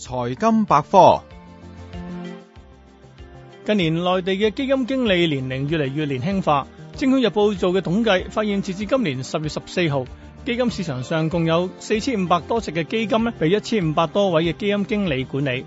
財金百科，近年內地嘅基金經理年齡越嚟越年輕化。證券日報做嘅統計發現，截至今年十月十四號，基金市場上共有四千五百多隻嘅基金咧，被一千五百多位嘅基金經理管理。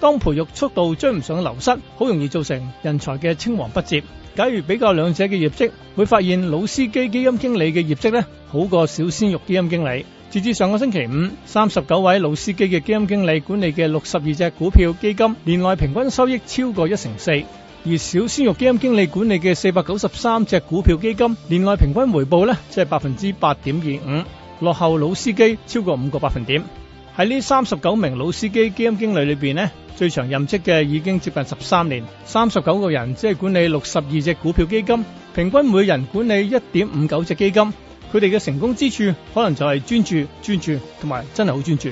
當培育速度追唔上流失，好容易造成人才嘅青黃不接。假如比較兩者嘅業績，會發現老司機基金經理嘅業績呢好過小鮮肉基金經理。截至上個星期五，三十九位老司機嘅基金經理管理嘅六十二隻股票基金，年內平均收益超過一成四；而小鮮肉基金經理管理嘅四百九十三隻股票基金，年內平均回報呢，即係百分之八點二五，落後老司機超過五個百分點。喺呢三十九名老司機基金經理裏邊呢，最長任職嘅已經接近十三年，三十九個人只係管理六十二隻股票基金，平均每人管理一點五九隻基金。佢哋嘅成功之處，可能就係專注、專注同埋真係好專注。